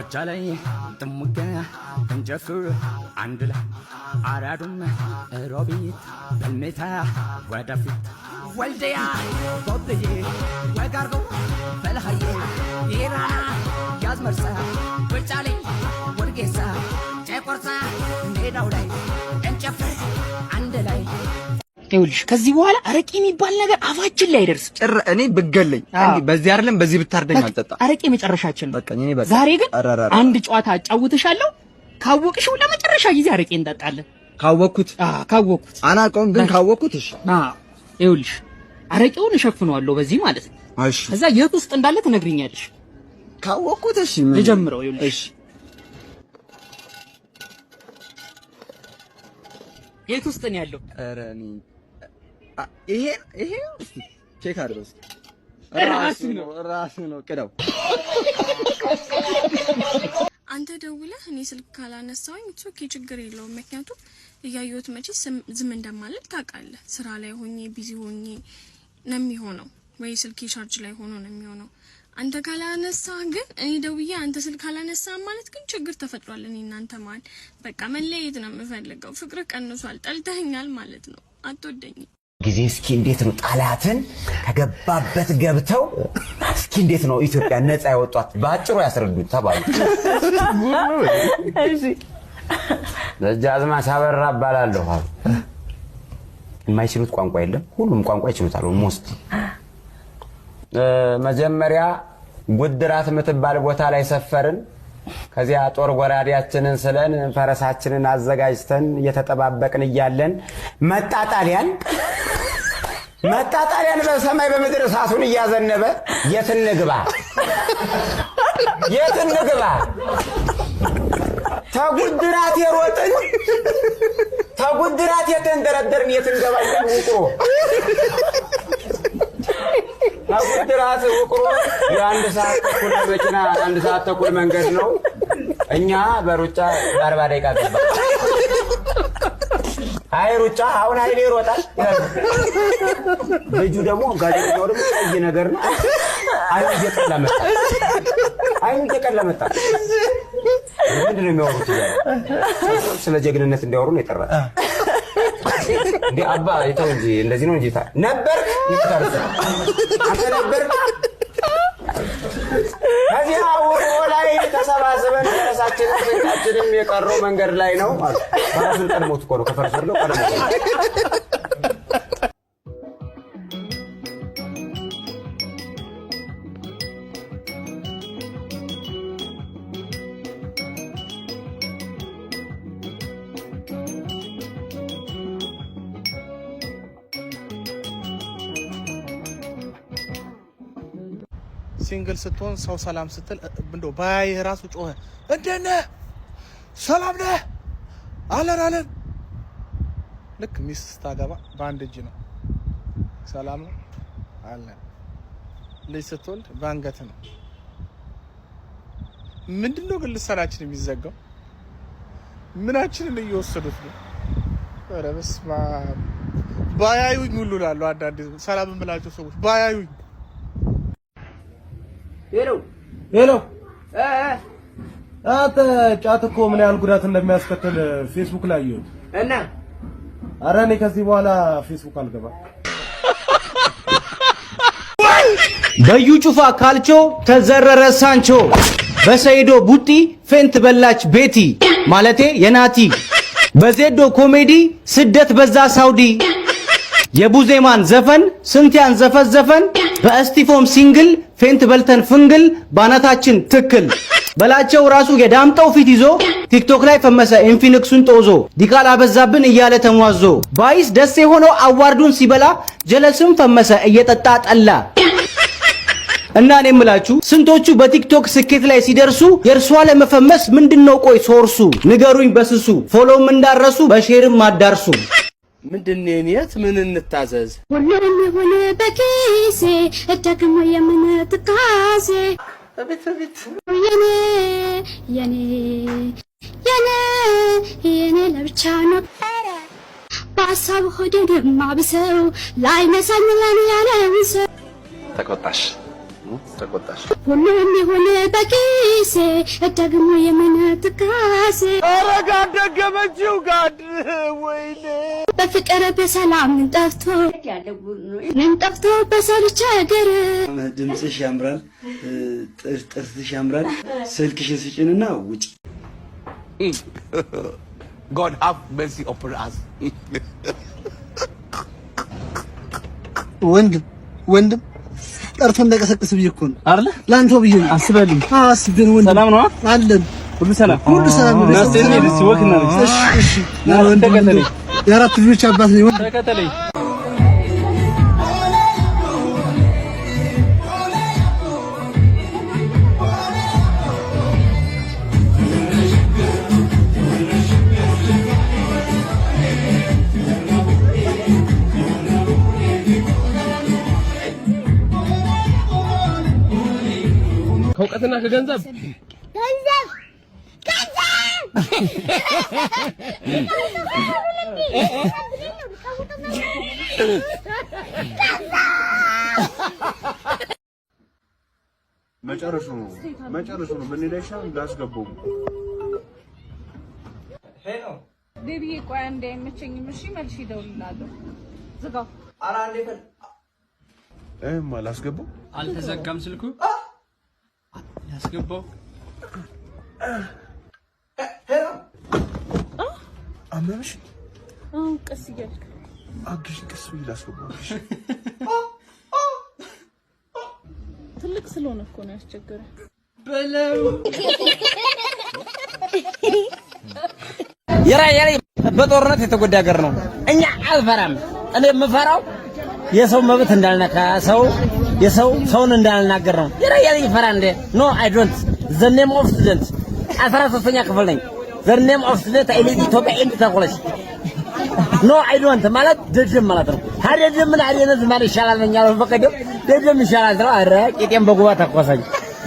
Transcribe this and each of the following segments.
ቋጫ ላይ ጥሙጋ እንጨፍር አንድ ላይ አራዱም ሮቢት በልሜታ ወደፊት ወልደያ ቦብዬ ወጋርጎ በለኸየ ይራና ያዝመርሳ ወጫሌ ወርጌሳ ጨቆርሳ ሜዳው ላይ ይኸውልሽ ከዚህ በኋላ አረቄ የሚባል ነገር አፋችን ላይ አይደርስ። ጭራ እኔ ብገለኝ በዚህ አይደለም በዚህ ብታርደኝ አልጠጣ። አረቄ መጨረሻችን በቃ እኔ በቃ። ዛሬ ግን አንድ ጨዋታ አጫውትሻለሁ። ካወቅሽው ለመጨረሻ ጊዜ አረቄ እንጠጣለን። ካወቅኩት ካወቅኩት አናውቀውም፣ ግን ካወቅኩት እሺ። ይኸውልሽ አረቄውን እሸፍነዋለሁ በዚህ ማለት ነው። ከዛ የት ውስጥ እንዳለ ትነግሪኛለሽ። ካወቅኩት እሺ፣ ልጀምረው። ይኸውልሽ የት ውስጥ ነው ያለው? ኧረ እኔ ይሄ ይሄ ቼክ አድርገው ራሱ ነው ራሱ ነው ቅደው። አንተ ደውለህ እኔ ስልክ ካላነሳሁኝ ኦኬ ችግር የለውም። ምክንያቱም እያየሁት መቼ ዝም እንደማለት ታውቃለህ። ስራ ላይ ሆኜ ቢዚ ሆኜ ነው የሚሆነው፣ ወይ ስልክ ቻርጅ ላይ ሆኖ ነው የሚሆነው። አንተ ካላነሳ ግን እኔ ደውዬ አንተ ስልክ ካላነሳ ማለት ግን ችግር ተፈጥሯል። እኔ እናንተ መሀል በቃ መለየት ነው የምፈልገው። ፍቅር ቀንሷል፣ ጠልተኸኛል ማለት ነው። አትወደኝም ጊዜ እስኪ እንዴት ነው ጣሊያትን ከገባበት ገብተው እስኪ እንዴት ነው ኢትዮጵያ ነፃ ያወጧት በአጭሩ ያስረዱት ተባሉ። ደጃዝማች ሳበራ እባላለሁ። የማይችሉት ቋንቋ የለም፣ ሁሉም ቋንቋ ይችሉታል። ሞስት መጀመሪያ ጉድራት የምትባል ቦታ ላይ ሰፈርን። ከዚያ ጦር ጎራዴያችንን ስለን ፈረሳችንን አዘጋጅተን እየተጠባበቅን እያለን መጣ ጣሊያን መጣጣሪያን በሰማይ በምድር እሳቱን እያዘነበ የት እንግባ የት እንግባ? ተጉድራት የሮጥን ተጉድራት የተንደረደርን የት እንገባ? ውቅሮ ተጉድራት ውቅሮ የአንድ ሰዓት ተኩል መኪና አንድ ሰዓት ተኩል መንገድ ነው። እኛ በሩጫ በአርባ ደቂቃ ገባ አይ ሩጫ አሁን ኃይሌ ይሮጣል ልጁ ደግሞ ጋዜጠኛው ደግሞ ቀይ ነገር ነው። አይኑ እየቀላ መጣ፣ አይኑ እየቀላ መጣ። ምንድን ነው የሚያወሩት? ስለ ጀግንነት እንዲያወሩ ነው የጠራት። እንደ አባ ይተው እንጂ እንደዚህ ነው እንጂ ነበር ይታርሰ አንተ ነበር ከዚህ አውሮ ተሰባስበን ፈረሳችንም ስንቃችንም የቀረው መንገድ ላይ ነው። ፈረስን ቀድሞት እኮ ነው ከፈረሱ ብለው ቀድሞ ሲንግል ስትሆን ሰው ሰላም ስትል እንዶ ባያይህ ራሱ ጮኸ እንደነ ሰላም ነህ አለን አለን። ልክ ሚስት ስታገባ በአንድ እጅ ነው ሰላም ነው አለን። ልጅ ስትወልድ በአንገት ነው። ምንድን ነው ግን ልሳናችን የሚዘጋው? ምናችንን እየወሰዱት ነው? ኧረ በስመ አብ ባያዩኝ ሁሉ እላለሁ። አንዳንዴ ሰላም የምላቸው ሰዎች ባያዩኝ ሄሎ ሄሎ አተ ጫት እኮ ምን ያህል ጉዳት እንደሚያስከትል ፌስቡክ ላይ አየሁት እና ኧረ እኔ ከዚህ በኋላ ፌስቡክ አልገባም። በዩ ጩፋ ካልቾ ተዘረረ ሳንቾ በሰይዶ ቡጢ ፌንት በላች ቤቲ ማለቴ የናቲ በዜዶ ኮሜዲ ስደት በዛ ሳውዲ የቡዜማን ዘፈን ስንት ያን ዘፈን ዘፈን በእስቲፎም ሲንግል ፌንት በልተን ፍንግል ባናታችን ትክል በላቸው ራሱ የዳምጠው ፊት ይዞ ቲክቶክ ላይ ፈመሰ ኢንፊኒክሱን ጦዞ ዲቃላ በዛብን እያለ ተሟዞ ባይስ ደስ የሆነው አዋርዱን ሲበላ ጀለስም ፈመሰ እየጠጣ ጠላ እና እኔ የምላችሁ ስንቶቹ በቲክቶክ ስኬት ላይ ሲደርሱ የእርሷ ለመፈመስ ምንድነው ቆይ ሶርሱ ንገሩኝ በስሱ ፎሎም እንዳረሱ በሼርም አዳርሱ ምንድን የት ምን እንታዘዝ? ሁሉም የሆነ በኪሴ ደግሞ የምን ትካዜ አቤት አቤት የኔ የኔ የኔ የኔ ለብቻ ነው በሀሳብ ሆዴ ደማብሰው ላይ ነሳኝ ለን ያለን ተቆጣሽ ተቆጣሽ ሁሉም የሆነ በኪሴ ደግሞ የምን ትካዜ አረጋ ደገመችው ጋድ ወይኔ በፍቅር በሰላም ንጠፍቶ ንጠፍቶ በሰርቻ ሀገር ድምፅሽ ያምራል፣ ጥርስሽ ያምራል። ስልክሽን ስጭንና ውጭ። God have mercy upon us. ወንድም ወንድም ጠርቶ እንዳይቀሰቅስ ብዬ እኮ ነው አይደለ? ላንተ ብዬ አስበልኝ። አስብን ወንድም ሰላም ነው አለን። ሁሉ ሰላም ሁሉ ሰላም ነው። يا رب تجيش عباس لي ከእውቀትና ከገንዘብ መጨረሱ ነው መጨረሱ ነው። ምን ይለሻ እንዳስገባው ሄሎ ቤቢዬ፣ ቆይ አንዴ አይመቸኝም። እሺ መልሽ ይደውልላለሁ። ዝጋው። ኧረ አንዴ እማ ላስገባው። አልተዘጋም ስልኩ ላስገባው አመመሽ? አሁን ቀስ እያልክ አግሽ ቀስ ይላስ ትልቅ ስለሆነ እኮ ነው ያስቸገረ በለው። የራይ የራይ በጦርነት የተጎዳ ሀገር ነው። እኛ አልፈራም። እኔ የምፈራው የሰው መብት እንዳልነካ ሰው የሰው ሰውን እንዳልናገር ነው። የራይ የራይ ይፈራ እንዴ? ኖ አይ ዶንት ዘ ኔም ኦፍ ስቱደንት አስራ ሶስተኛ ክፍል ነኝ። the name of that I need to be in ኖ አይ ዶንት ማለት ደደም ማለት ነው። አይደለም ምን አይነት ማለት ይሻላል ነኝ ያለው በቀደም ደደም ይሻላል ነው። አረ ቄጤም በጉባ ተቆሰኝ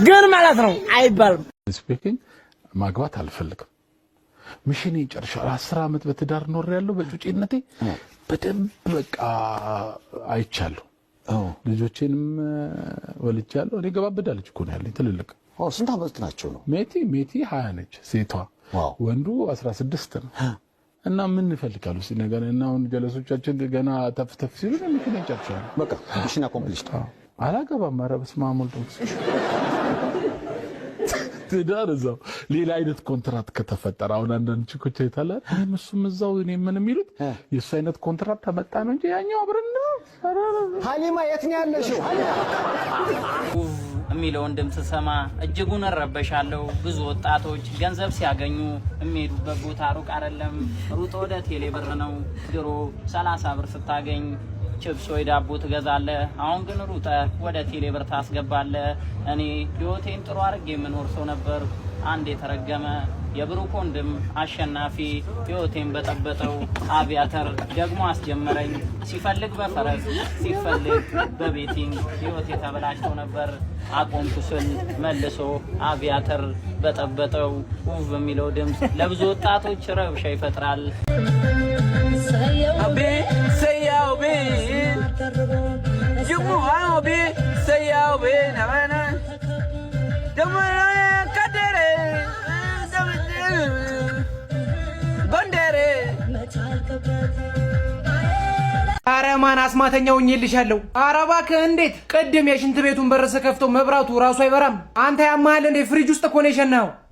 ግን ማለት ነው አይባልም። ስፒኪንግ ማግባት አልፈልግም። ምሽኔ ጨርሻለሁ። አስር ዓመት በትዳር ኖር ያለው በጩጬነቴ በደንብ በቃ አይቻለሁ። ልጆቼንም ወልጃለሁ። እኔ ገባበዳ ልጅ እኮ ነው ያለኝ ትልልቅ። ስንት ዓመት ናቸው ነው? ሜቲ ሜቲ ሀያ ነች ሴቷ ወንዱ 16 ነው። እና ምን እንፈልጋለን? እስኪ ነገር እና አሁን ጀለሶቻችን ገና ተፍተፍ ሲሉ ነው የሚከነጫቸዋል። በቃ ሚሽን አኮምፕሊሽድ። አላገባም። ኧረ በስመ አብ ወልድ ትዳር እዛው ሌላ አይነት ኮንትራት ከተፈጠረ አሁን አንዳንድ ችኮች አይታላል። እኔም እሱም እዛው እኔ ምን የሚሉት የእሱ አይነት ኮንትራት ተመጣ ነው እንጂ ያኛው አብረን ሀሊማ የት ነው ያለሽው? የሚለውን ድምፅ ስሰማ እጅጉን እረበሻለሁ። ብዙ ወጣቶች ገንዘብ ሲያገኙ የሚሄዱበት ቦታ ሩቅ አይደለም፣ ሩጦ ወደ ቴሌ ብር ነው። ድሮ 30 ብር ስታገኝ ችፕስ ወይ ዳቦ ትገዛለህ። አሁን ግን ሩጠ ወደ ቴሌ ብር ታስገባለህ። እኔ ህይወቴን ጥሩ አድርጌ የምኖር ሰው ነበር። አንድ የተረገመ የብሩክ ወንድም አሸናፊ ህይወቴን በጠበጠው አቪያተር ደግሞ አስጀመረኝ። ሲፈልግ በፈረስ ሲፈልግ በቤቲንግ ህይወቴ ተበላሽቶ ነበር። አቆምኩ መልሶ አቪያተር በጠበጠው ውብ በሚለው ድምፅ ለብዙ ወጣቶች ረብሻ ይፈጥራል። ማን አስማተኛው ይልሻለሁ። ኧረ እባክህ እንዴት! ቅድም የሽንት ቤቱን በር ስከፍተው መብራቱ ራሱ አይበራም። አንተ ያማል እንዴ? ፍሪጅ ውስጥ እኮ ነው የሸናኸው።